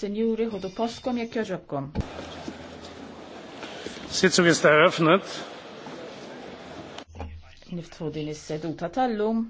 Signori, ħudu poskom jekk joġobkom. Sitzung ist eröffnet. Niftħu din is-seduta tal-lum.